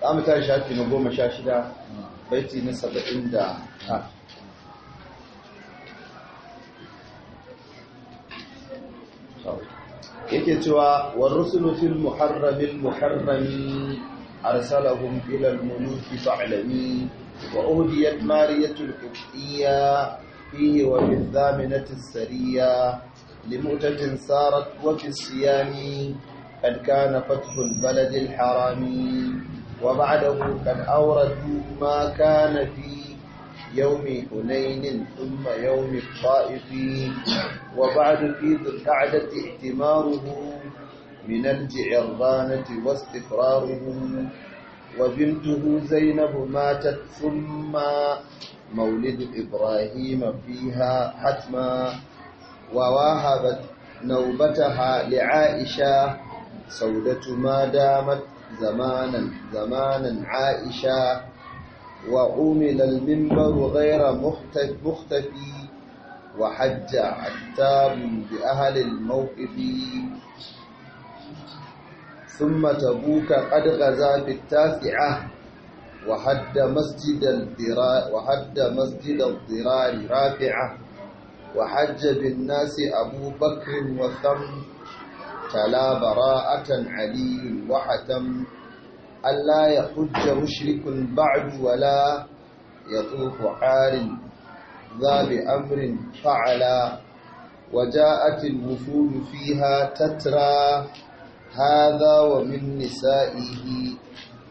za mu tashi shafi na goma sha shida baiti na saba'in da ta yake cewa wa rusulu fil muharramin muharrami arsalahum ila al-muluki fa'lami wa uhdiyat mariyatul qibtiyya fihi wa bil dhaminati sariya لمؤتة سارت وفي الصيام قد كان فتح البلد الحرام وبعده قد أوردوا ما كان في يوم حنين ثم يوم الطائف وبعد في ذو القعدة اعتماره من الجعرانة واستقراره وبنته زينب ماتت ثم مولد إبراهيم فيها حتما وواهبت نوبتها لعائشة سودة ما دامت زمانا زمانا عائشة وعمل المنبر غير مختفي وحج عتاب بأهل الموقف ثم تبوك قد غزا في التاسعة وحد مسجد الضرار وحد مسجد الضرار رافعة وحج بالناس أبو بكر وثم تلا براءة علي وحتم ألا يحج مشرك بعد ولا يطوف عار ذا بأمر فعلا وجاءت الوفود فيها تترى هذا ومن نسائه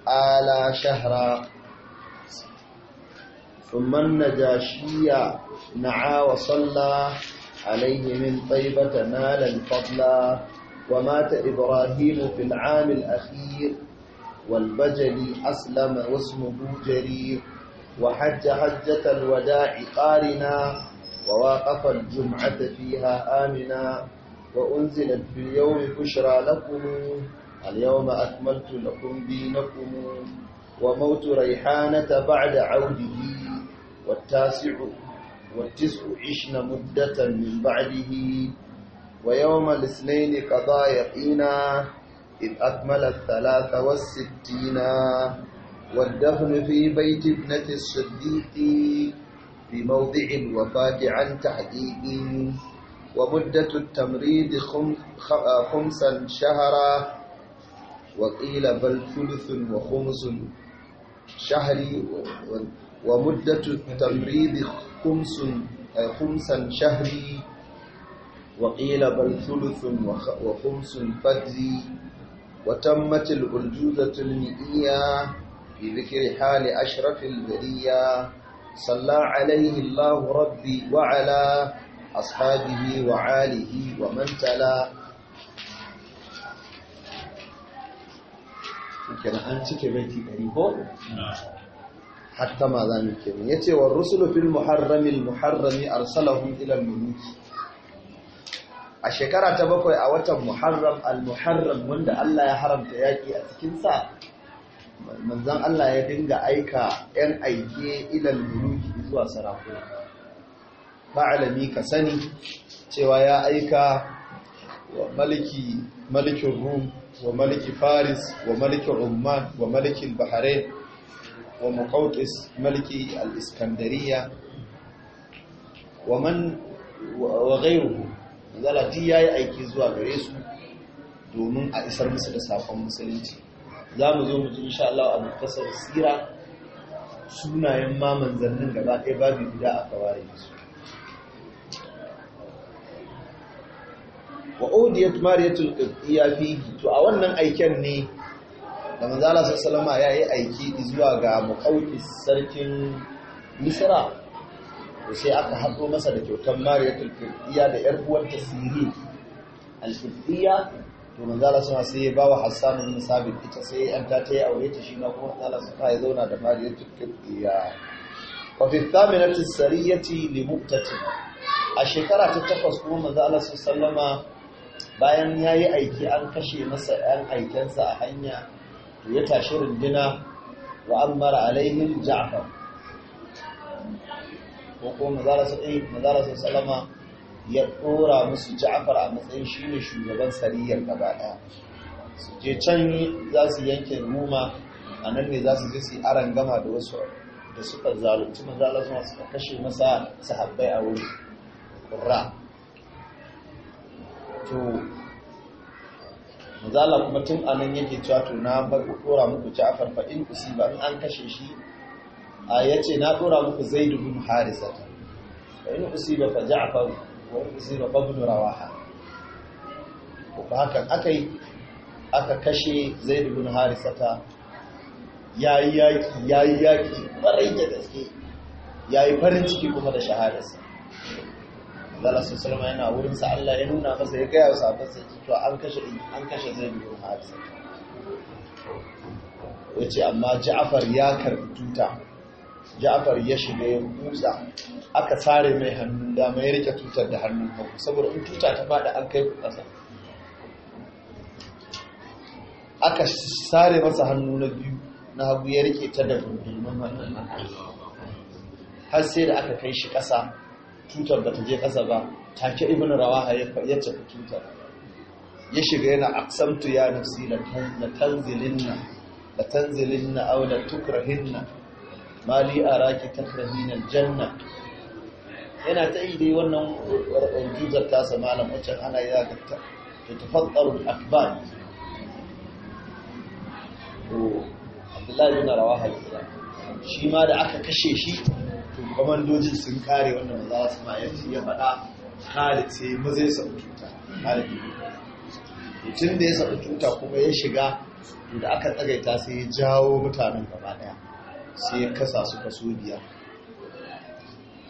آلا شهرا ثم النجاشية نعى وصلى عليه من طيبة نالا فضلا ومات إبراهيم في العام الأخير والبجلي أسلم واسمه جرير وحج حجة الوداع قارنا وواقف الجمعة فيها آمنا وأنزلت في اليوم بشرى لكم اليوم أكملت لكم دينكم وموت ريحانة بعد عوده والتاسع والتسع عشنا مدة من بعده ويوم الاثنين قضى يقينا إذ أكمل الثلاث والستين والدفن في بيت ابنة الصديق في موضع الوفاة عن تحقيق ومدة التمريض خمسا شهرا وقيل بل ثلث وخمس شهر ومدة التمريض خمس خمسا شهري وقيل بل ثلث وخمس فدي وتمت الغلجوزة المئية في ذكر حال أشرف البرية صلى عليه الله ربي وعلى أصحابه وعاله ومن تلا كان أنت كبيتي بريبور حتى ماذا نكمل يتي والرسل في المحرم المحرم أرسلهم إلى الملوك a shekara ta bakwai a watan muharram al-muharram wanda Allah ya haramta yaƙi a cikinsa manzan Allah ya dinga aika 'yan aike ilal muluki zuwa sarafu. ma'alami ka sani cewa ya aika wa maliki malikin rum wa maliki faris wa malikin umman wa malikin bahrain wa muqawqis maliki al-iskandariya wa man wa gairu manzala duk yi aiki zuwa gare su domin a isar musu da sakon musulunci za mu zo mu ji insha Allah a mutasar sira sunayen ma manzannin gaba ɗaya babu guda a kawai su wa udiyat mariyatul qibtiyya fihi to a wannan aiken ne da manzala sallallahu alaihi ya yi aiki zuwa ga muqawqis sarkin misra to sai aka haɗo masa da kyautar mariyatul qibtiyya da yar uwarta sirin al-qibtiyya to manzo Allah sama sai ya bawa Hassan ibn Sabit ita sai an ta ta yi aure ta shi ma kuma Allah sama ya zauna da mariyatul qibtiyya wa fi thaminati sariyati li muqtati a shekara ta takwas kuma manzo Allah sallama bayan yayi aiki an kashe masa ɗan aikensa a hanya to ya tashi rundina wa amara alaihim Ja'far ko ko mazara salama ya ɗora musu ja'afar a matsayin shi ne shugaban sariyar gaba ɗaya su je can za su yanke ruma a nan ne za su je su yi aran gama da wasu da suka zalunci mazala masu kashe masa sahabbai a wuri ƙura to mazala kuma tun a nan yake cewa to na bar ɗora muku ja'afar fa in kusi ba in an kashe shi ya ce na ɗora muku zai dubin harisa wa in ba fa ja'far wa in ba fa ibn rawaha ko ba hakan aka kashe zai dubin ta? yayi yaki yayi yaki barai da gaske yayi farin ciki kuma da shahararsa? Allah su salama yana wurin sa Allah ya nuna masa ya gaya wa sahabban sa to an kashe an kashe zai dubin harisa yace amma Ja'far ya karbi tuta ja'afar ya shiga ya kusa aka sare mai hannu dama ya rike tutar da hannun hagu saboda in tuta ta fada an kai ƙasa aka sare masa hannu na biyu na hagu ya rike ta da gundumin hannun har sai da aka kai shi ƙasa tutar ba ta je ƙasa ba take ibn rawa ya tafi tutar ya shiga yana aksamtu ya nafsi na tanzilin na tanzilinna tukrahin na mali araki takrahina Janna yana ta yi dai wannan juzar tasa malam waccan ana yi zaka ta tafaddaru da akbar to Abdullahi rawa Rawaha shi ma da aka kashe shi to komandojin sun kare wannan za su ma ya faɗa Khalid sai maza ya sabu cuta, Khalid tun da ya sabu cuta kuma ya shiga da aka tsagaita sai ya jawo mutanen gaba daya sai ya kasa su kaso biyar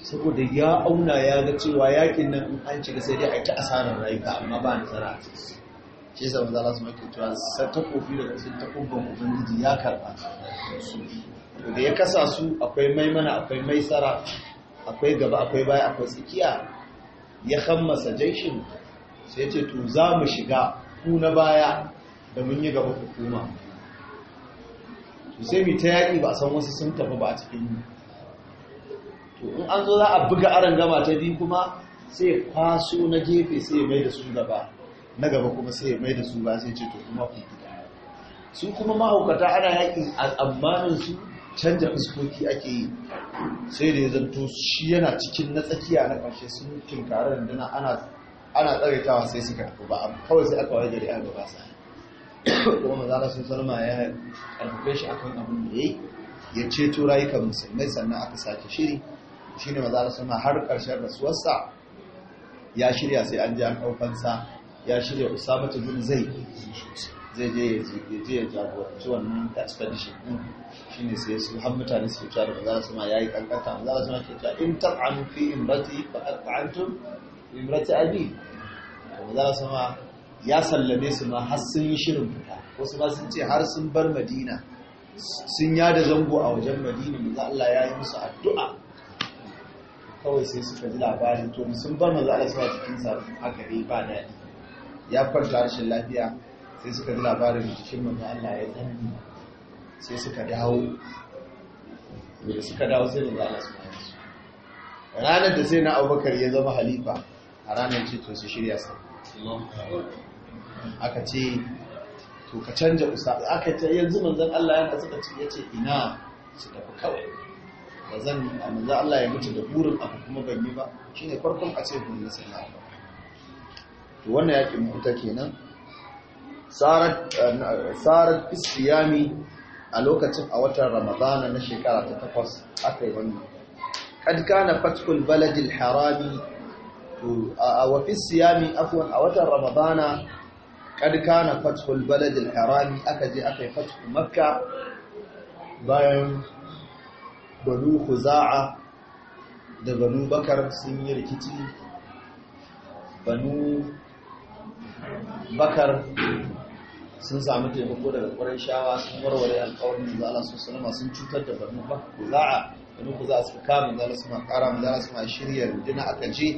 saboda ya auna ya ga cewa yakin nan an cika sai dai a ta asarar rayuka amma ba tsara a cikin shi yasa manzo Allah su maka cewa sai ta kofi daga cikin takubban ubangiji ya karba su da ya kasa su akwai maimana akwai maisara akwai gaba akwai baya akwai tsakiya ya hammasa jaishin sai ce to za mu shiga ku na baya da mun yi gaba hukuma to sai mai ta yaƙi ba a san wasu sun tafi ba a cikin yi. to in an zo za a buga aron gama ta biyu kuma sai kwaso na gefe sai mai da su gaba na gaba kuma sai mai da su ba sai ce to kuma ku su kuma mahaukata ana yaƙi al'ammanin su canja fuskoki ake yi sai da ya zanto shi yana cikin na tsakiya na ƙarshe sun tunkarar da ana ana tsaraitawa sai suka tafi ba kawai sai aka wajen da ya gaba sa'a kuma manzala sun salma ya karfafe shi akan abin da ya yi ya ceto rayuka musulmai sannan aka sake shiri shi ne da suna har ƙarshen rasuwarsa ya shirya sai an ji an ɗaukansa ya shirya usama ta bin zai zai je ya je ya jagoranci wannan expedition din shi ne sai su har mutane su fita da manzala sun ya yi kankanta maza da suna cewa in an fi imrati faqad ta'antum imrati abi da suna ya sallame su ma har sun yi shirin fita wasu ma sun ce har sun bar madina sun yada zango a wajen madina maza Allah ya yi musu addu'a kawai sai suka ji labarin to sun bar maza Allah suna cikin sarfin ne, ba daɗi ya kwanta rashin lafiya sai suka ji labarin jikin maza Allah ya zanni sai suka dawo da suka dawo sai maza Allah suna yasu ranar da sai na abubakar ya zama halifa a ranar ce to su shirya sa aka ce to ka canja usa aka ce yanzu manzon Allah yana suka ce yace ina su tafi kawai ba zan manzon Allah ya mutu da burin abu kuma ban yi ba shine farkon a ce mun sallah to wannan yakin mutunta kenan sarat sarat isyami a lokacin a watan ramadana na shekara ta takwas aka yi wannan kad kana fatkul baladil harami to a wafi siyami afwan a watan ramadana kad kana fathul al harami aka je aka yi fathu makka bayan banu khuza'a da banu bakar sun yi rikici banu bakar sun samu taimako daga ƙwarar shawa sun warware alƙawarin da Allah su sanama sun cutar da banu kuza'a banu kuza'a suka kama da Allah suna ƙara da Allah suna shirya rundina aka je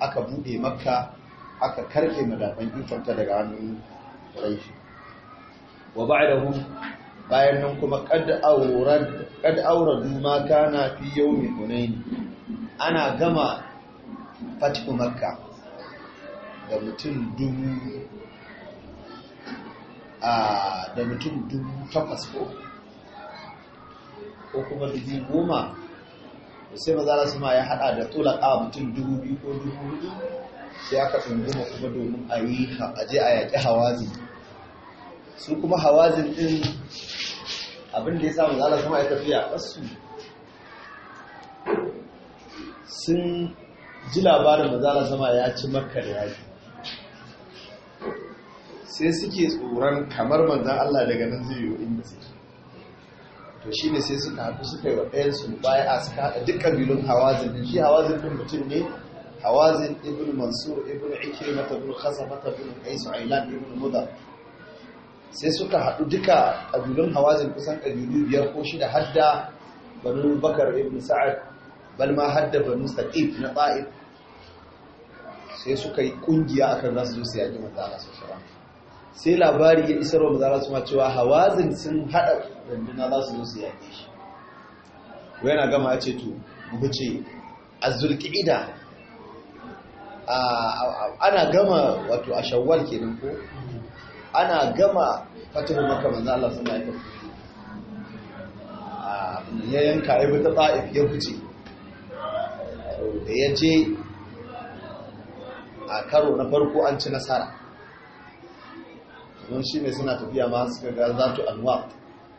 aka buɗe makka aka karfe madafan ikonta daga hannun ƙuraishi wa ba'dahum bayan nan kuma qad awrad qad awradu ma kana fi yawmi hunain ana gama fatihu makka da mutum dubu a da mutum dubu takwas ko ko kuma dubu goma sai maza su ma ya hada da tulaka mutum dubu biyu ko dubu hudu sai aka tsunguma kuma domin a yi a je a yaƙi hawazi su kuma hawazin ɗin abin da ya samu zala sama ya tafiya ƙasu sun ji labarin da zala sama ya ci makar yaƙi sai suke tsoron kamar manzan Allah daga nan zai yi inda suke to shi ne sai suka haɗu suka yi wa ɗayansu bayan a suka haɗa duk ƙabilun hawazin ɗin shi hawazin ɗin mutum ne hawazin mansur ibn ikrimah suka haɗu duka ƙabilun hawazin kusan ƙabilu biyar ko shida hadda banu bakar ibn sa'ad bal ma hadda labari ya isar wa manzo cewa hawazin haɗa runduna za gama ya to mu ce ana gama wato a shawwal kenan ko ana gama fatin maka manzo Allah sallallahu yi wasallam ya yanka ya fita ta'if ya fice da ya je a karo na farko an ci nasara don shi ne suna tafiya ma suka ga za tu anwa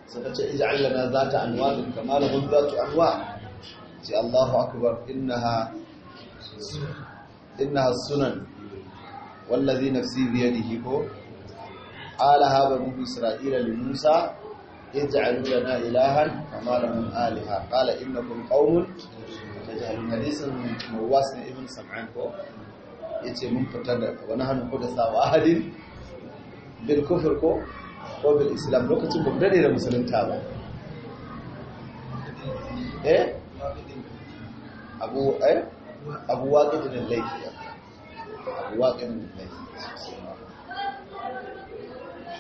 suka ce iji allana za ta anwa kamar lahum za tu anwa ce Allahu inna ha. inna sunan wallazi nafsi biyadihi ko alaha ba isra'ila li musa yaj'alu lana ilahan kama lahum alaha qala innakum qaumun tajhalun hadithan muwas ibn sam'an ko yace mun fitar da wani hannu ko da sawa ahadin bil kufr ko ko islam lokacin ba dare da musulunta ba abu waƙinin laifi abu waƙinin laifi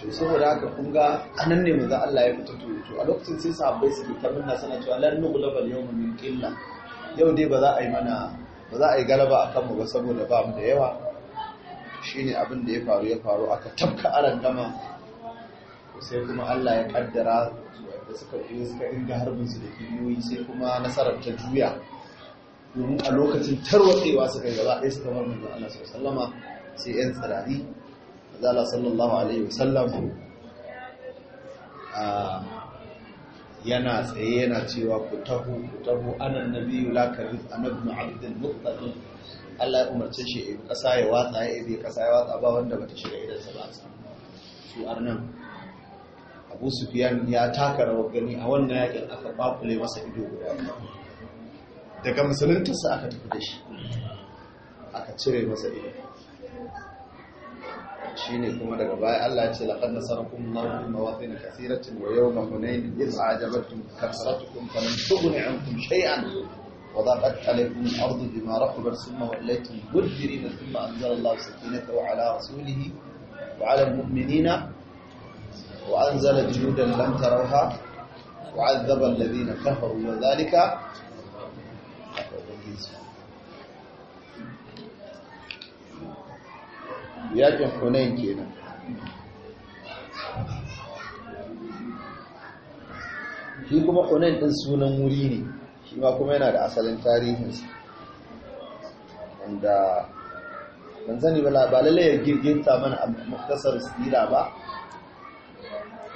to saboda haka kun ga anan ne manzo Allah ya fito to a lokacin sai sahabbai suke ta minna suna cewa lan nughlaba al-yawma min qilla yau dai ba za a yi mana ba za a yi galaba akan mu ba saboda ba mu da yawa shine abin da ya faru ya faru aka tafka aran dama sai kuma Allah ya kaddara da suka yi suka inga harbin su da kiyoyi sai kuma nasarar ta juya domin a lokacin tarwatsewa suka yi gaba ɗaya suka bar manzo Allah sallama sai yan tsirari zala sallallahu alaihi wasallam yana tsaye yana cewa ku taho ku taho anan nabiyyu la karif anabnu abdul muttalib Allah ya umarce shi ya kasa ya watsa ya ibe kasa ya watsa ba wanda bata shiga idan sa ba su arnan Abu Sufyan ya taka rawar gani a wannan yakin aka bakule masa ido guda daga musuluntarsa aka tafi da shi aka cire masa ido shi ne kuma daga baya Allah ce laƙar nasarakun marhum na kasiratin wa yau ma hunayin iz ajabatun kasaratukun famin tughni ankum shay'an kun daqat alaykum al-ardu bima rahabat thumma wallaytum mudbirina thumma anzala Allah sakinatahu ala rasulihi wa ala muminina wa anzala junudan lam tarawha na الذين كفروا وذلك cikinsu yakin hunain kenan shi kuma hunain ɗin sunan wuri ne shi ma kuma yana da asalin tarihinsa wanda ban zani ba labalai ya girginta mana a makasar sira ba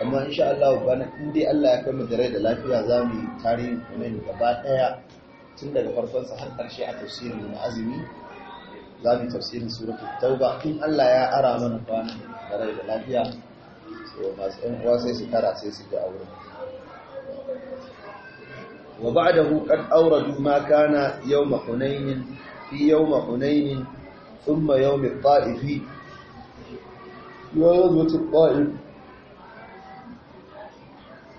amma insha Allah ba na inda Allah ya kai mu da rai da lafiya za mu yi tarihin hunain gaba ɗaya tun daga farkonsa har ƙarshe a tafsirin na azumi za mu tafsirin suratul tauba in Allah ya ara mana kwana da rai da lafiya so masu ɗan uwa sai su tara sai su ga auren wa ba'dahu qad awradu ma kana yawm hunain fi yawm hunain thumma yawm at-ta'if wa yawm at-ta'if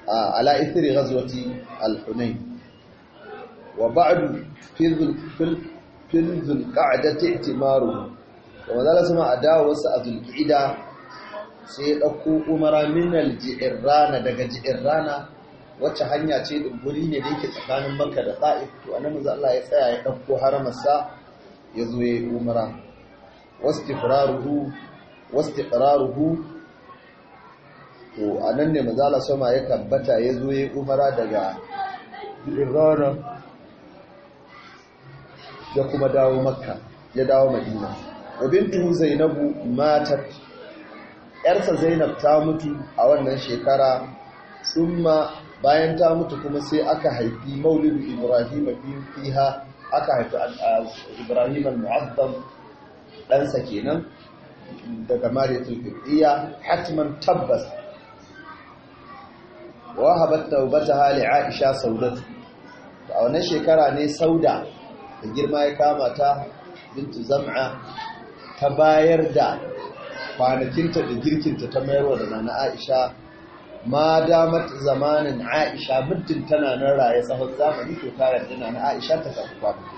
ah, ala ithri ghazwati al-hunain wa ba'du fil zulqa'dati i'timaru wa zalla sama adawarsa a zulqa'da sai ya dauko umara minal al-ji'rana daga ji'rana wacce hanya ce dubburi ne da yake tsakanin Makka da Ta'if to annabi manzo Allah ya tsaya ya dauko haramarsa ya zo ya yi umara wastifraruhu wastiqraruhu to anan ne manzo Allah sama ya tabbata ya zo ya yi umara daga ji'rana ya kuma dawo makka ya dawo madina wa zainabu matat yarsa zainab ta mutu a wannan shekara summa bayan ta mutu kuma sai aka haifi maulidu ibrahim biyu fiha aka haifi ibrahim al-mu'azzam ɗansa kenan daga mariyatul qibtiyya hatman tabbas wa habat taubataha aisha saudatu a wannan shekara ne sauda da girma ya kama ta bintu zam'a ta bayar da kwanakinta da girkinta ta mayarwa da nana aisha ma damar zamanin aisha muddin tana nan raye tsawon zamani ko ta yarda nana aisha ta tafi kwanakin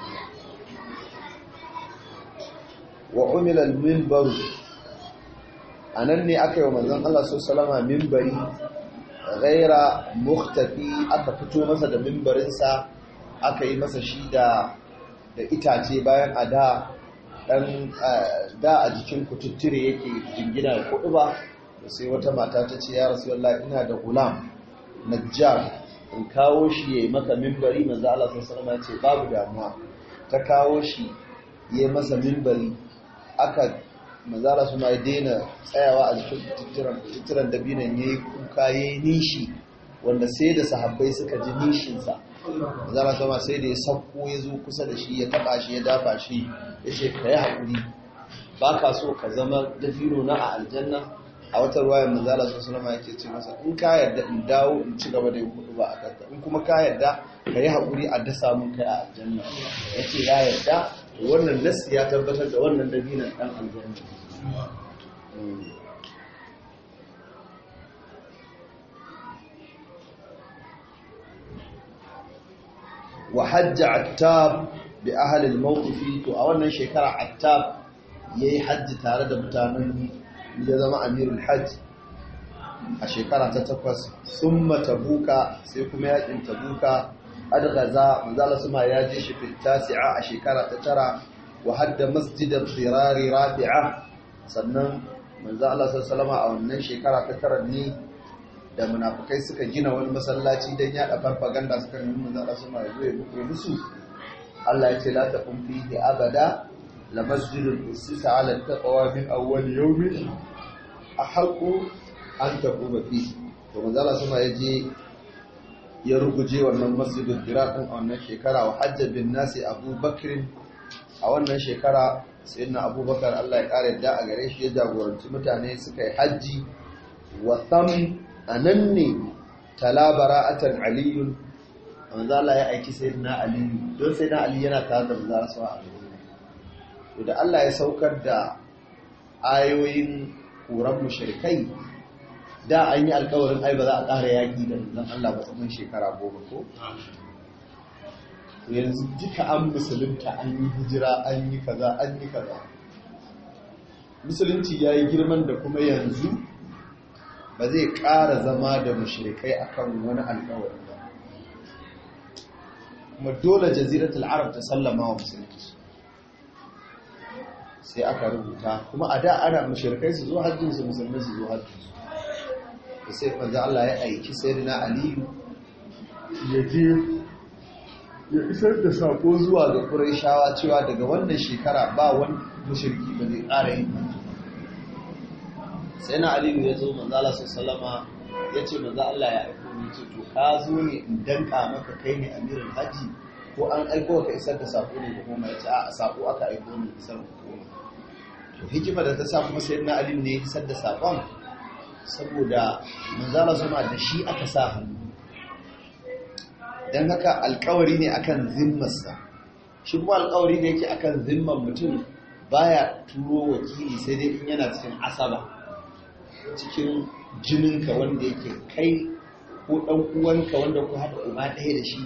wa umilal mimbaru. A nan ne aka yi manzon Allah salama mimbari, ghaira muktaɗi aka fito masa da mimbarinsa aka yi masa shida? da itace bayan a da dan da a jikin kututture yake jingina da kudu ba sai wata mata ta ce ya rasulallah ina da gulam najjar in kawo shi yayi maka minbari manzo Allah sallallahu alaihi ce babu damuwa ta kawo shi yayi masa mimbari aka manzo Allah ya daina tsayawa a jikin kututturen kututturen dabinan yayi kuka yayi nishi wanda sai da sahabbai suka ji nishinsa zama sama sai da ya sauko ya zo kusa da shi ya taba shi ya dafa shi ya ce ka yi haƙuri ba ka so ka zama dafino na a aljanna a wata ruwa yamma zala sun yake ce masa in ka yarda in dawo in ci gaba da yin kudu ba a kanta in kuma ka yarda ka yi haƙuri a dasa mun kai a aljanna ya ce ya yarda wannan nasi ya tabbatar da wannan dabinan ɗan aljanna hmm. wa hajja attab bi ahli al to a wannan shekara attab yayi hajji tare da mutanen ya zama amirul hajj a shekara ta takwas summa tabuka sai kuma yakin tabuka adghaza manzala suma ya je shi fitasi'a a shekara ta tara wa hadda masjidar firari rafi'a sannan manzo Allah a wannan shekara ta tara ne da munafukai suka gina wani masallaci don yada farfaganda suka nemi manzon Allah sama ya zo ya kuma musu Allah ya ce la taqum fihi abada la masjidun usisa ala taqwa min awwal yawmin ahqqu an taquma fihi to manzon Allah sama ya je ya ruguje wannan masjidin jiraɗin a wannan shekara wa hajjar bin nasi Bakr a wannan shekara sai na abubakar allah ya ƙara yadda a gare shi ya jagoranci mutane suka yi hajji wa sam a nan ne talabara atan aliyun manzala ya aiki sai na aliyu don sai na aliyu yana tare da manzala a a to da Allah ya saukar da ayoyin koran mushrikai da an yi alkawarin ai ba za a ƙara yaƙi da nan Allah ba tsawon shekara goma ko yanzu duka an musulunta an yi hijira an yi kaza an yi kaza musulunci ya yi girman da kuma yanzu ba zai ƙara zama da mashirikai akan wani alƙawarin ba kuma dole jaziratul arab ta sallama wa musulunci sai aka rubuta kuma a da ana mashirikai su zo hajjin su musulmi su zo hajjin su da sai manzo Allah ya aiki sayyidina aliyu ya je ya isar da sako zuwa ga shawa cewa daga wannan shekara ba wani mushriki ba zai ƙara yin sai na aliyu ya zo manzala sun salama ya ce manza Allah ya aiko ni ce to ka zo ne in danka maka kai ne amirin haji ko an aiko ka isar da sako ne ko kuma ya ce a sako aka aiko ni isar da hukuma to hikima da ta sa kuma na aliyu ne ya isar da sakon saboda manzala Allah ma da shi aka sa hannu dan haka alkawari ne akan zimmarsa shi kuma alkawari ne yake akan zimmar mutum baya turo wakili sai dai in yana cikin asaba cikin jininka wanda yake kai ko ɗan uwanka wanda ku haɗa uba ɗaya da shi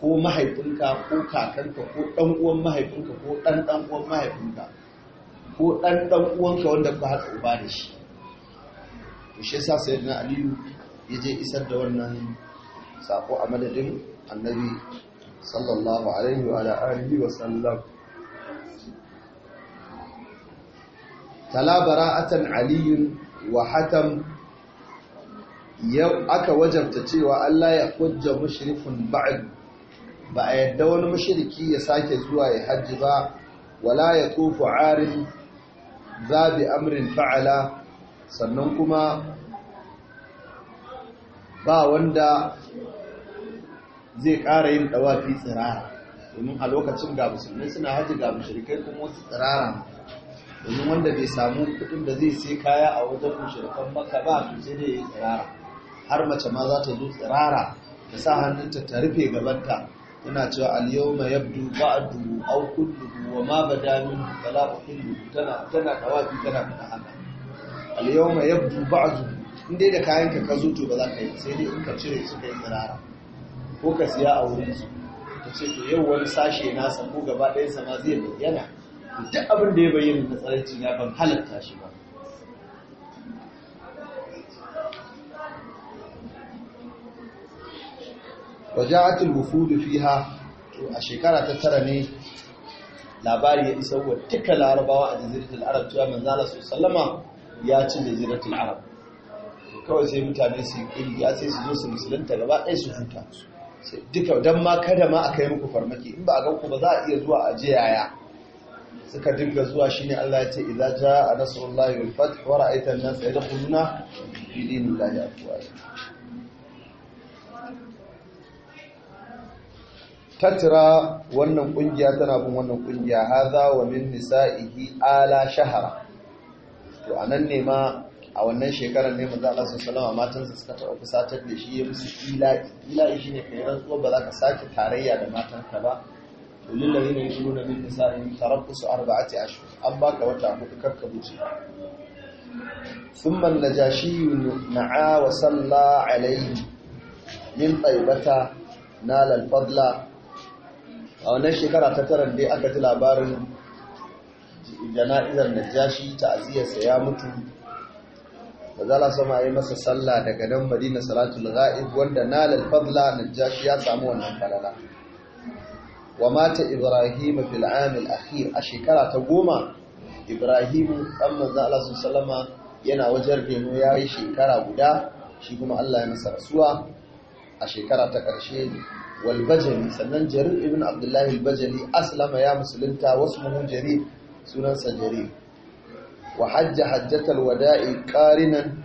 ko mahaifinka ko kakanka ko ɗan uwan mahaifinka ko ɗan ɗan uwan mahaifinka ko ɗan ɗan uwanka wanda ku haɗa uba da shi to shi yasa na aliyu ya je isar da wannan sako a madadin annabi sallallahu alaihi wa alihi wa sallam tala bara'atan aliyun wa hatam aka wajabta cewa Allah ya hujja mushrifun ba'd ba a yadda wani mushriki ya sake zuwa ya hajji ba wala ya tufu arin zabi amrin fa'ala sannan kuma ba wanda zai ƙara yin ɗawafi tsirara domin a lokacin ga musulmi suna hajji ga mushrikai kuma wasu tsirara domin wanda bai samu kuɗin da zai sai kaya a wajen mushrikan maka ba to sai dai ya tsirara har mace ma za ta zo tsirara ta sa hannunta ta rufe gabanta tana cewa al-yawma yabdu ba'du aw kulluhu wa ma bada min fala uhillu tana tana tawafi tana fada haka al-yawma yabdu ba'du in dai da kayanka ka zo to ba za ka yi sai dai in ka cire su kai tsirara ko ka siya a wurin su ta ce to yau wani sashe na samu gaba ɗayan ma zai bayyana duk abin da ya bayyana ta tsaraici na ban halatta shi ba waja'atul wufud fiha to a shekara ta tara ne labari ya isa wa duka larabawa a jaziratul arab cewa manzo sallama ya ci jaziratul arab kawai sai mutane su yi ya sai su zo su musulunta gaba ɗaya su huta duka dan ma kada ma aka yi muku farmaki in ba a ganku ba za a iya zuwa a je yaya suka dinga zuwa shi ne Allah ya ce idza jaa nasrullahi wal fath wa ra'aita an nas yadkhuluna fi dinillahi afwaja tatra wannan kungiya tana bin wannan kungiya hadha wa min nisa'ihi ala shahara to anan ne ma a wannan shekarar ne manzo Allah sallallahu matansa suka taɓa fusatar da shi ya musu ila ila shi ne kai rantsuwa ba za ka sake tarayya da matan ka ba lillazina yashuruna bil nisa'i tarabbusu arba'ati ashhur an baka wata hudu karka buce ثم النجاشي نعى وصلى عليه من طيبة na الفضل a wannan shekara ta taron dai aka ji labarin jana'izar najashi ta'aziyarsa ya mutu da zala sama yi masa sallah daga nan madina salatul ghaib wanda nalal fadla najashi ya samu wannan falala Wamata Ibrahimu ibrahim akhir a shekara ta goma Ibrahimu, dan manzo Allah sallama yana wajen reno yayi shekara guda shi kuma Allah ya masa rasuwa a shekara ta ƙarshe wal bajali sannan jarir Ibin abdullahi al bajali aslama ya musulunta wasu mun jarir sunansa jarir wa hajja hajjatal wada'i qarinan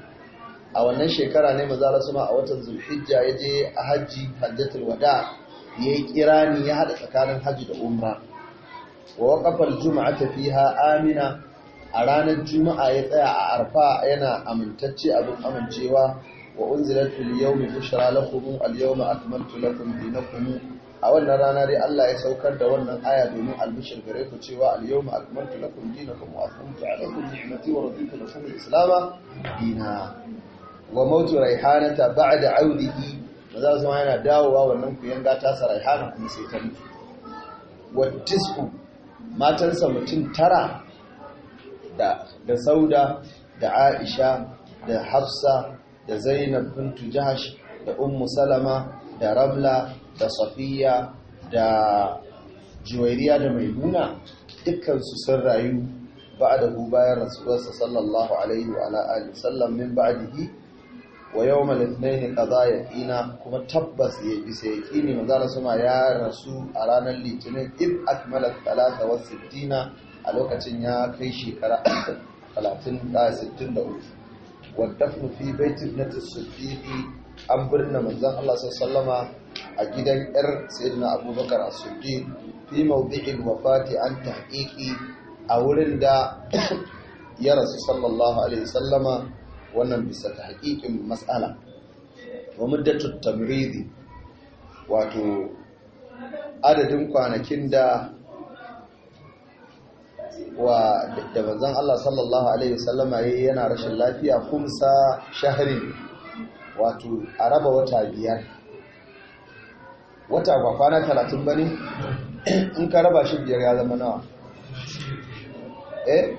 a wannan shekara ne maza Allah a watan ya je a hajji hajjatul wada' ya yi ni ya haɗa tsakanin hajji da umra wa waƙafar juma'a ta ha amina a ranar juma'a ya tsaya a arfa yana amintacce abin amincewa wa unzilat fil bushra lakum al yawma akmaltu lakum dinakum a wannan rana dai Allah ya saukar da wannan aya domin albishir gare ku cewa al yawma akmaltu lakum dinakum wa atmamtu alaykum ni'mati wa raditu lakum al islam dina wa mawtu ba'da audihi maza su yana dawowa wannan ku yanga gata sarai hana kuma sai ta mutu wattisku matansa mutum tara da da sauda da aisha da hafsa da zainab bintu jahash da ummu salama da rabla da safiya da juwairiya da maimuna su sun rayu ba'dahu bayan rasulullah sallallahu alaihi wa alihi sallam min ba'dihi wa yau malifinaini kaza ya ƙina kuma tabbas ya bisa ya ƙini manzana suma ya rasu a ranar litinin ib akmala talata wa sittina a lokacin ya kai shekara talatin da sittin da uku wadda fi baitin na tasirfihi an birna manzan allah sallama a gidan yar sayyidina abubakar a sirfi fi maudi'in wafati an tahqiqi a wurin da ya rasu sallallahu alaihi sallama wannan bisa ta haƙiƙin matsala wa muddatun tamridi wato adadin kwanakin da wa da manzon Allah sallallahu alaihi wasallama yayi yana rashin lafiya kumsa shahrin wato a raba wata biyar wata ba kwana ba ne, in ka raba shi biyar ya zama nawa eh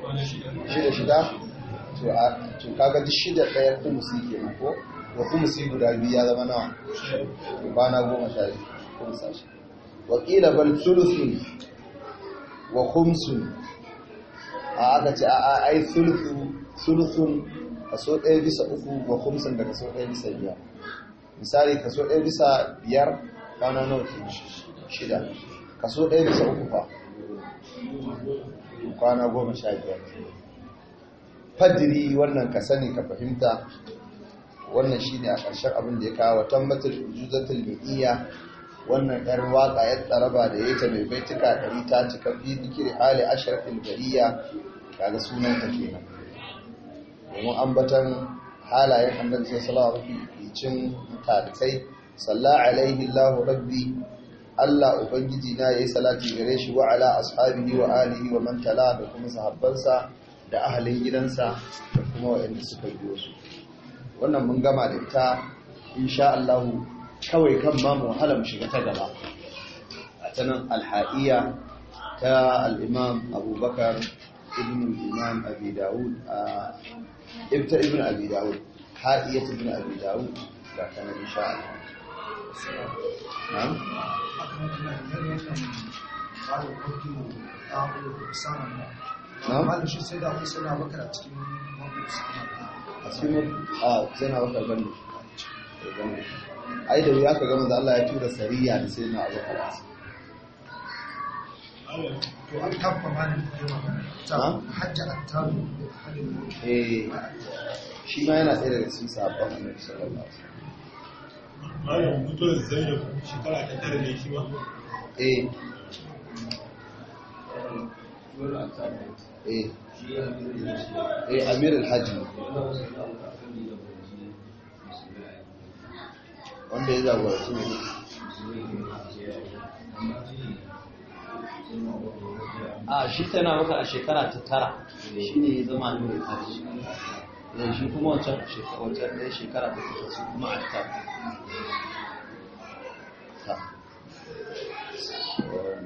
shida shida to a to kaga duk shida ɗaya kumusi kenan ko wa kumusi guda biyu ya zama nawa to na goma sha biyu sa shi wa qila bal thuluthun wa kumsun a aka ce a ai sulusun a kaso ɗaya bisa uku wa kumsun daga kaso ɗaya bisa biyar misali kaso ɗaya bisa biyar kwana nawa ke shida kaso ɗaya bisa uku fa kwana goma sha biyar fadiri wannan ka sani ka fahimta wannan shine a ƙarshen abin da ya kawo tambatar ujuzatul mi'iyya wannan yar waka ya tsaraba da ya ta mai baituka ɗari ta cika fi dikiri hali ashrafil bariya kaga sunan ta kenan domin ambatan halayen annabi sallallahu alaihi mafi bicin talikai salla alaihi Allahu rabbi Allah ubangiji na yayi salati gare shi wa ala ashabihi wa alihi wa man tala da kuma sahabbansa da ahalin gidansa da kuma waɗanda suka biyo su wannan mun gama da ita insha Allah kawai kan ma mu halam shiga ta gaba a tanan alha'iya ta al-imam abubakar ibn al-imam abi daud a ibta ibn abi daud ha'iyat ibn abi daud ga tanan insha Allah na'am babu kuma babu sanan malam sai da a cikin a cikin a sai ai da wuya ka gama da Allah ya tura sariya da sai na bakar a to an kafa malam ta hajji attabu eh shi ma yana tsaye daga cikin sahabban annabi sallallahu alaihi wasallam malam mutuwar zainab shekara ta eh. tare da shi ba. eh Eh. eh amir alhaji wanda ya jagoranci ne a shi tana maka a shekara ta tara shi ne zama amir alhaji da eh, shi kuma wancan shekara ta shekara ta tara su kuma a